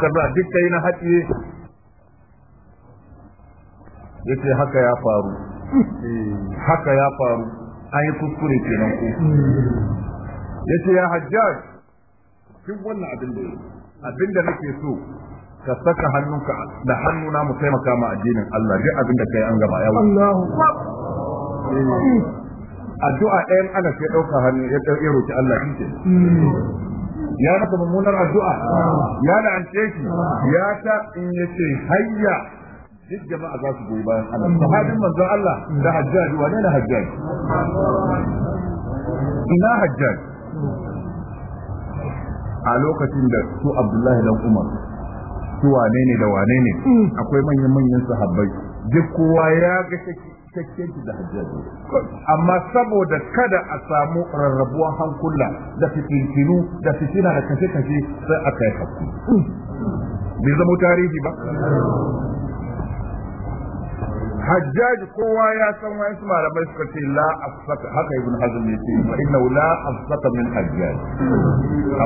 kaza duk kai na haɗiye yace haka ya faru hmm. haka ya faru an yi kuskure kenan ko yace ya hajjaj kin wannan abin da abin da nake so ka saka hannunka da hannuna mu taimaka ma addinin Allah duk abin da kai an gaba yau Allahu hmm. addu'a ɗayan ana sai ɗauka hannu ya roki Allah shi ya masa mummunar addu'a ya la'ance shi ya ta in ya ce hayya duk jama'a za su goyi bayan Allah sahabin manzon Allah da hajjaji wane ne hajjaji ina hajjaji a lokacin da su Abdullahi dan Umar su wane ne da wane ne akwai manyan manyan sahabbai duk kowa ya ga shakki cikakken da hajjaji amma saboda kada a samu rarrabuwan hankula da fitintinu da fitina da kashe-kashe sai aka yi hakku bai zama tarihi ba hajjaji kowa ya san wani su malamai suka ce la afsaka haka ibn hazm ya ce fa inna la afsaka min hajjaj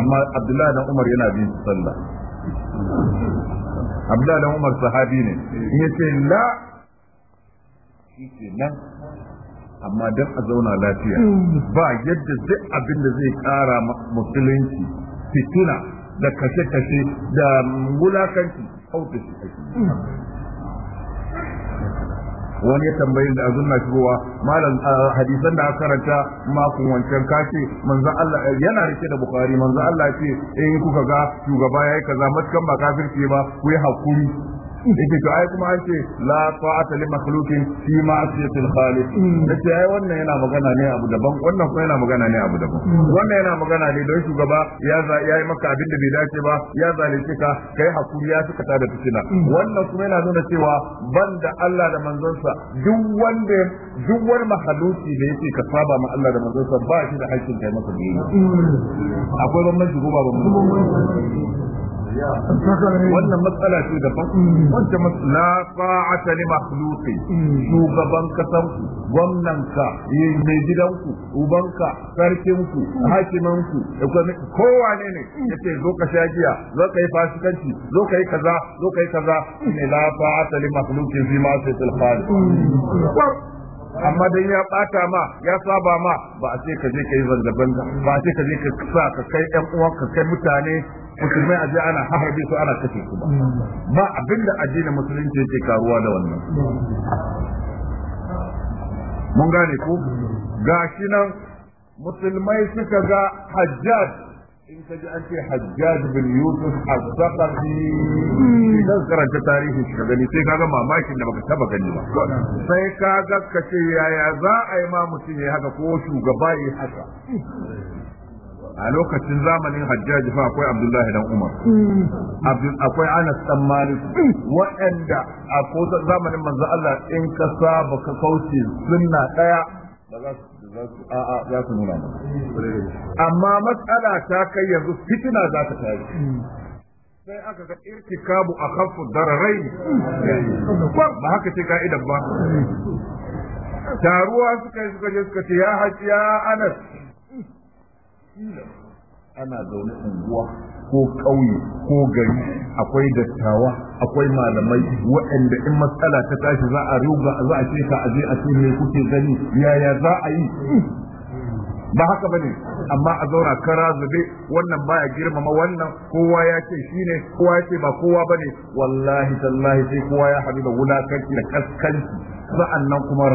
amma abdullahi dan umar yana bin sallah abdullahi dan umar sahabi ne ce la shi nan amma don a zauna lafiya ba yadda duk abin da zai kara musulunci fituna da kashe-kashe da wulakanci auta shi wani ya tambayi da azun na shigowa malam hadisan da aka karanta makon wancan kace manzo Allah yana rike da bukhari manzo Allah ce in eh, kuka ga shugaba yayi kaza matkan ba kafirce ba ku yi hakuri yake to ai kuma an ce la ta'ata li makhluqin fi ma'siyatil khaliq nace ai wannan yana magana ne abu daban wannan kuma yana magana ne abu daban wannan yana magana ne don shugaba ya ya yi maka abin da bai dace ba ya zalunce ka kai hakuri ya suka tada fitina wannan kuma yana nuna cewa banda Allah da manzonsa duk wanda duk wani mahaluki da yake ka saba ma Allah da manzonsa ba shi da haƙƙin kai masa biyayya akwai wannan shugaba ba wannan matsala ce fasu wancan matsala fa'ata li makhluqi shugaban kasanku gwamnanka eh, mai gidanku ubanka sarkinku hakimanku kowa ne ne yace zo ka sha giya zo ka yi fasikanci zo ka yi kaza zo ka yi kaza ne la fa'ata li makhluqi fi ma sayyidul khaliq amma dan ya bata ma ya saba ma ba a ce ka je ka yi zanga ba a ce ka je ka sa ka kai yan uwan ka kai mutane musulmai aje ana harbe su ana kashe su ba ba abinda addinin musulunci yake karuwa da wannan mun gane ko gashi nan musulmai suka ga hajjaj in ka ji an ce hajjaj bin yusuf al saqafi hmm. idan karanta tarihi ka gani sai kaga mamakin da baka taba gani ba sai kaga kace kace yaya za a yi ma mutum ya haka ko shugaba ya haka a lokacin zamanin hajjaji fa akwai abdullahi dan umar hmm. akwai anas dan malik hmm. waɗanda a zamanin manzo Allah in ka saba ka kauce sunna daya ba za su za su nuna ba amma matsala ta kai yanzu fitina za ta tare hmm. sai aka ga irtikabu a khaffu dararai ba haka ce ka'idan ba taruwa suka yi suka je suka ce ya haji ya anas ana zaune unguwa ko ƙauye ko gari akwai dattawa akwai malamai waɗanda in matsala ta tashi za a ruga za a ce ka aje a ce me kuke gani yaya za a yi ba haka bane amma a zauna kara zube wannan baya girmama wannan kowa ya ce shi ne, kowa ya ce ba kowa bane wallahi tallahi sai kowa ya haɗu da wulakanci da kaskanci sa'annan kuma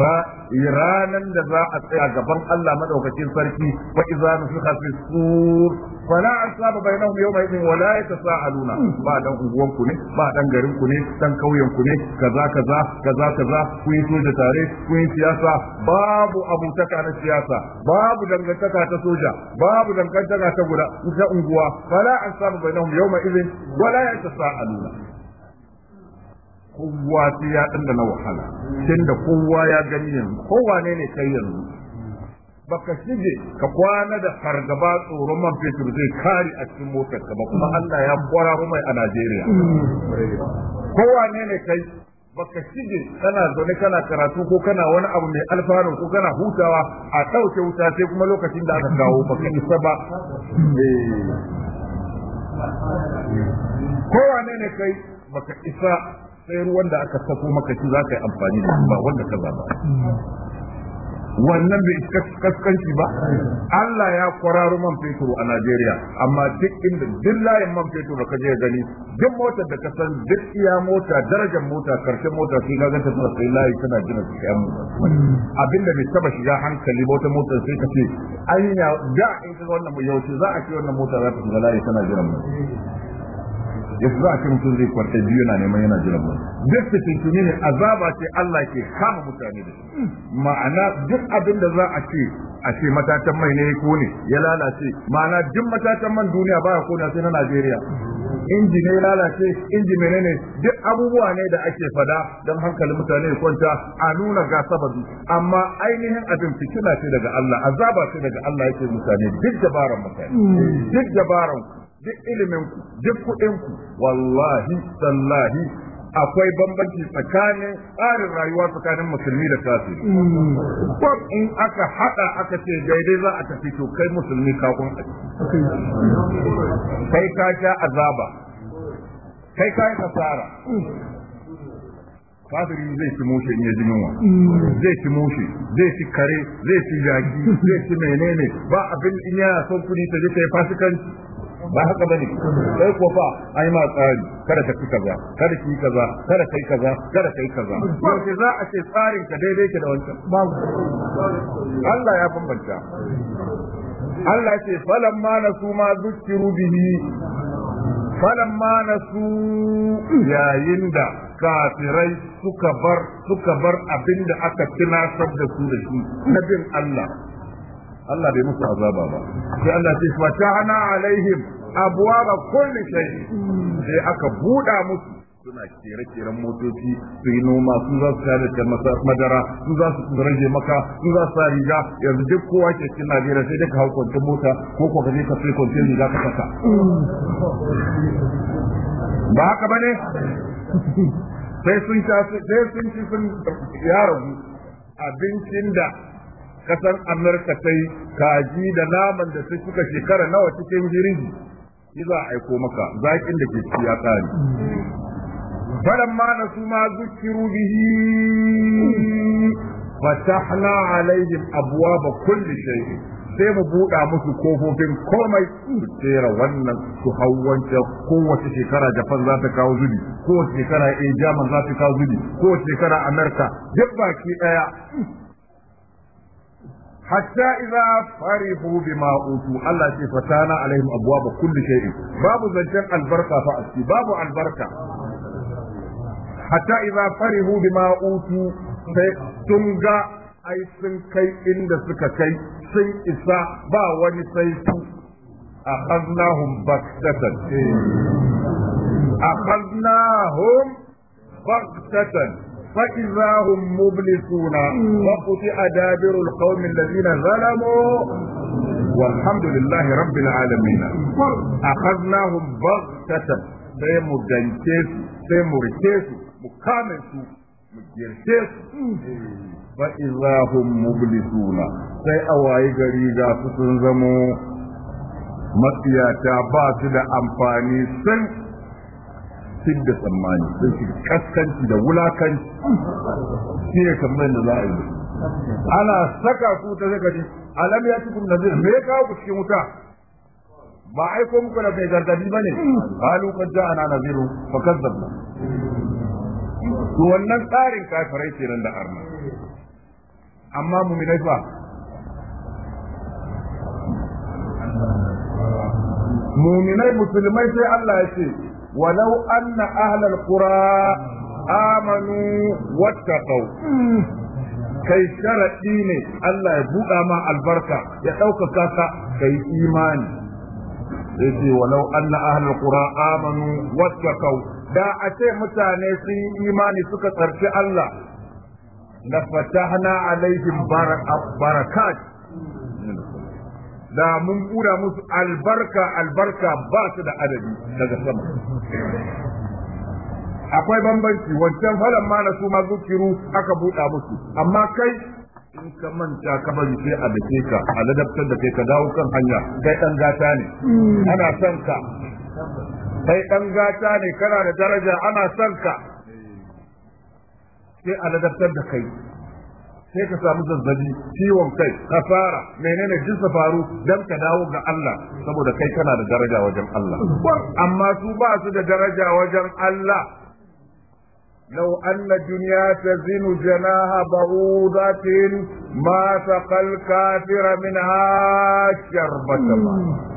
ranan da za a tsaya gaban Allah madaukakin sarki fa idza nufiqa fi sur fala asaba bainahum yawma idin wala yatasaaluna ba dan unguwan ku ne ba dan garin ku ne dan kauyen ku ne kaza kaza kaza kaza ku yi soja tare ku yi siyasa babu abutaka na siyasa babu dangantaka ta soja babu dangantaka ta guda ta unguwa fala asaba bainahum yawma idin wala yatasaaluna kowa sai ya dinga na wahala tunda kowa ya gani yanzu kowa ne ne kai yanzu baka shige ka kwana da fargaba tsoron man fetur zai kare a cikin motar ka ba kuma Allah ya kwara mai a Najeriya kowa ne ne kai baka shige kana zaune kana karatu ko kana wani abu mai alfano ko kana hutawa a ɗauke wuta sai kuma lokacin da aka kawo baka isa ba eh. kowa ne ne kai baka isa sai ruwan da aka sako maka shi za ka yi amfani da shi ba wanda ka zaba wannan bai kaskanci ba Allah ya kwararo man fetur a Najeriya amma duk inda duk layin man fetur da kaje gani duk motar da ka san duk iya mota darajar mota karshe mota sai ka ganta sai sai layi tana gina su kayan abinda bai taba shiga hankali ba wata motar sai ka ce anya da in ka wannan yaushe za a ce wannan mota za ta shiga layi tana gina mu ya za a mutum zai kwarta biyu na neman yana jiran ba duk da tuntuni ne azaba ce Allah ke kama mutane da shi ma'ana duk abin da za a ce a ce matatan mai ne ko ne ya lalace ma'ana duk matatan man duniya baya kona sai na Najeriya inji ne lalace inji menene duk abubuwa ne da ake fada don hankalin mutane ya kwanta a nuna ga sababi amma ainihin abin fitina ce daga Allah azaba ce daga Allah yake mutane duk dabaran mutane hmm. duk dabaran duk iliminku duk kuɗinku wallahi sallahi akwai bambanci tsakanin tsarin rayuwa tsakanin musulmi da kafiri ko in aka hada aka ce daidai za a tafi to kai musulmi ka kun kai ka ja azaba kai ka yi kasara kafiri zai ci mushe ya ji wa. zai ci mushe zai ci kare zai ci jaki zai ci menene ba abin in yana son kudi ta je ta yi fasikanci ba haka bane sai ko fa ai ma tsari kada ka ci kaza kada ki kaza kada kai kaza kada kai kaza ko sai za a ce tsarin ka daidai ke da wancan Allah ya bambanta Allah ce ma na su ma zukkiru bihi na su yayin da kafirai suka bar suka bar abinda aka tunasar da su da shi nabin Allah Allah bai musu azaba ba sai Allah ce fatahna alaihim abuwa kulli shayi sai aka buɗa musu suna kere-keren motoci su yi noma su za su da madara su za su rage maka su za su riga yanzu duk kowa ke cikin najeriya sai daga hau kwancin mota ko kuwa kaje ka sai kwancin riga ka saka ba haka ba ne sai sun sai sun ci sun ya ragu abincin da kasar amurka ta yi kaji da naman da su suka shekara nawa cikin jirgi shi za a aiko maka zaƙin da ke ciki ya ƙare ma na su ma zukiru bihi fatahna alaihim ba kulli shay'in sai mu buɗa musu kofofin komai su tsera wannan su hau wancan kowace shekara japan za ta kawo zubi kowace shekara eh jaman za ta kawo zubi kowace shekara amerika duk baki ɗaya hatta idza farihu bima utu Allah ce fatana alaihim abwaaba kulli shay'in babu zancen albarka fa aski babu albarka hatta idza farihu bima utu sai sun ga ai sun kai inda suka kai sun isa ba wani sai su akhadnahum baktatan akhadnahum baktatan فإذا هم مبلسون وقطع دابر القوم الذين ظلموا والحمد لله رب العالمين أخذناهم بغتة sai mu gance su sai mu rike su mu kame su mu girce su fa idza hum mublisuna sai a wayi gari ga su sun zamo matsiyata ba da amfani sun da tsammani sun shi kaskanci da wulakanci shi ne kamar da za a yi ana saka ku ta zaka ji alam ya cikin nazir me ya kawo ku cikin wuta ba aiko muku da mai gargadi ba ne halu kan ja ana naziru fa kazzabna to wannan tsarin kafirai nan da arna amma mu mu'minai fa mu'minai musulmai sai Allah ya ce ولو أن أهل القرى آمنوا واتقوا kai sharaɗi ne Allah ya buɗa ma albarka ya ɗaukaka ka kai imani sai ce walau anna ahlul qura amanu wattaqau da a ce mutane sun yi imani suka tsarki Allah la fatahna alaihim barakat da mun kura musu albarka albarka ba su da adadi daga sama akwai bambanci wancan falon ma na su ma zukiru aka buɗa musu amma kai in ka manta ka bari sai a dake ka a ladabtar da kai ka dawo kan hanya kai dan gata ne hmm. ana son ka kai dan gata ne kana da daraja ana son ka sai a ladabtar da kai sai ka samu zazzabi ciwon kai kasara menene jin sa faru dan ka dawo ga Allah saboda kai kana da daraja wajen Allah amma su ba su da daraja wajen Allah لو duniya الدنيا تزن جناها بعوضة ما سقى الكافر منها شربة ماء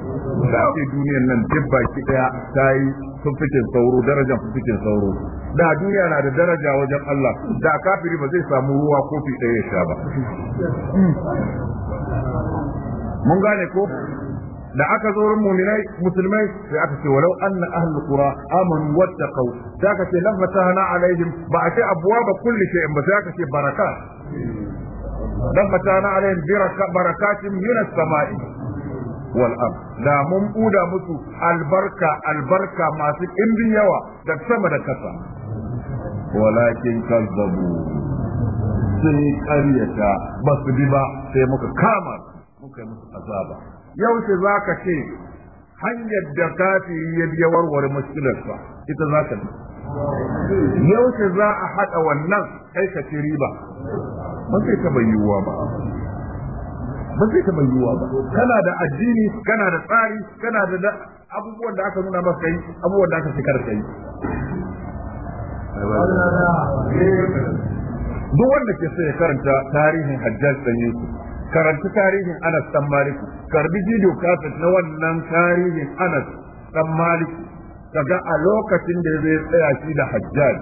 da ake duniyar nan duk baki daya ta yi fifikin sauro darajar fifikin da duniya na da daraja wajen Allah da kafiri ba zai samu ruwa kofi ɗaya ya ba mun gane ko da aka zo wurin mu'minai musulmai sai aka ce walau anna ahlul qura amanu wattaqu sai aka ce lam fatahna alaihim ba a ce abwaba kulli shay'in ba sai aka ce baraka Lamma fatahna alaihim barakatin min as-sama'i wal ard da mun buda musu albarka albarka masu ɗimbin yawa da sama da kasa walakin kazzabu sun karyata ba su bi ba sai muka kama muka yi musu azaba yaushe za ka ce hanyar da kafiri ya biya warware ba ita za ka yaushe za a haɗa wannan kai ka riba ba zai taɓa yiwuwa ba ba zai taɓa yiwuwa ba kana da addini kana da tsari kana da abubuwan da aka nuna maka kai abubuwan da aka fi shekar yi. duk wanda ke so ya karanta tarihin hajjar ɗan yusuf karanci tarihin Anas dan Malik karbi video cassette na wannan tarihin Anas dan Malik kaga a lokacin da zai tsaya shi da Hajjaj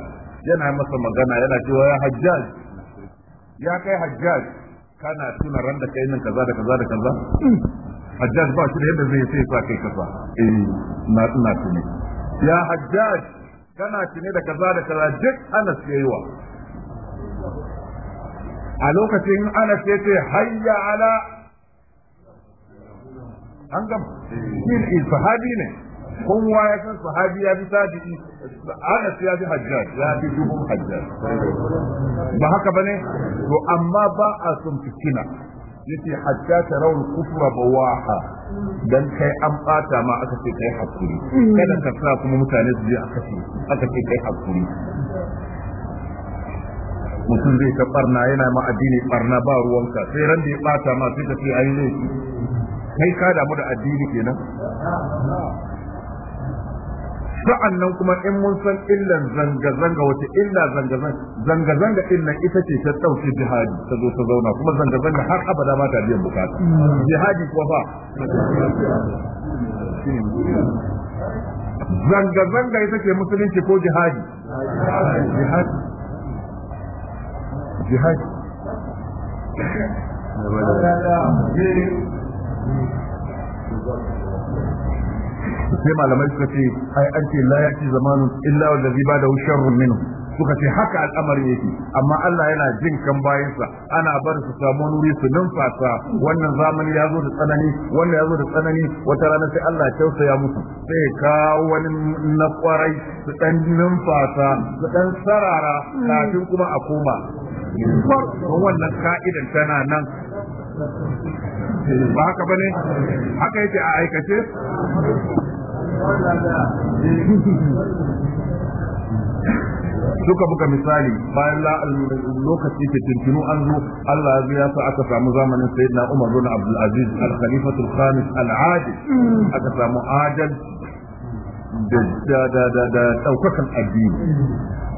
yana masa magana yana cewa ya Hajjaj ya kai Hajjaj kana tuna ran da kai nan kaza da kaza da kaza mm. Hajjaj ba shi da yadda zai sai sa kai kafa. eh na tuna tuni ya Hajjaj kana tune da kaza da kaza duk Anas yayi wa a lokacin ana ce ce hayya ala an gama shi sahabi ne kowa ya san sahabi ya fi tabi'i ana ce ya fi hajjaj ya fi duhun hajjaj ba haka ba ne to amma ba a sun fitina yace hatta tarawul kufra bawaha dan kai an bata ma aka ce kai hakuri kada ka sa kuma mutane su je aka ce aka ce kai hakuri mutum zai ta barna yana ma addini barna ba ruwanka sai ran da ya bata ma sai ka ce ai zai kai ka damu da addini kenan sa'an nan kuma in mun san illan zanga-zanga wace illa zanga-zanga zanga-zanga illan ita ce ta ɗauki jihadi ta zo ta zauna kuma zanga-zanga har abada ba ta biyan bukata jihadi kuwa ba zanga-zanga ita ce musulunci ko jihadi jihadi الجهاد sai malamai suka ce ai an ce la yati zamanun illa wallazi ba da sharrun minhu suka ce haka al'amari yake amma Allah yana jin kan bayansa ana bar su samu nuri su numfasa wannan zamani ya zo da tsanani wannan ya zo da tsanani wata rana sai Allah ya mutu. musu sai kawo wani na kwarai su dan numfasa su dan sarara kafin kuma a koma wannan ka'idan tana nan ba haka bane haka yake a aikace suka buga misali bayan lokaci ke tuntunu an zo Allah ya sa aka samu zamanin sayyidina Umar bin Abdul Aziz al-Khalifatul Khamis al-Adil aka samu adal da da da da daukakan addini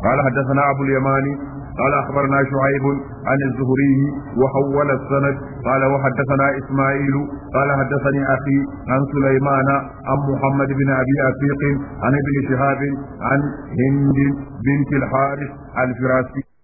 قال حدثنا أبو اليماني قال أخبرنا شعيب عن الزهري وحول السند قال وحدثنا إسماعيل قال حدثني أخي عن سليمان عن محمد بن أبي أفيق عن ابن شهاب عن هند بنت الحارث الفراسي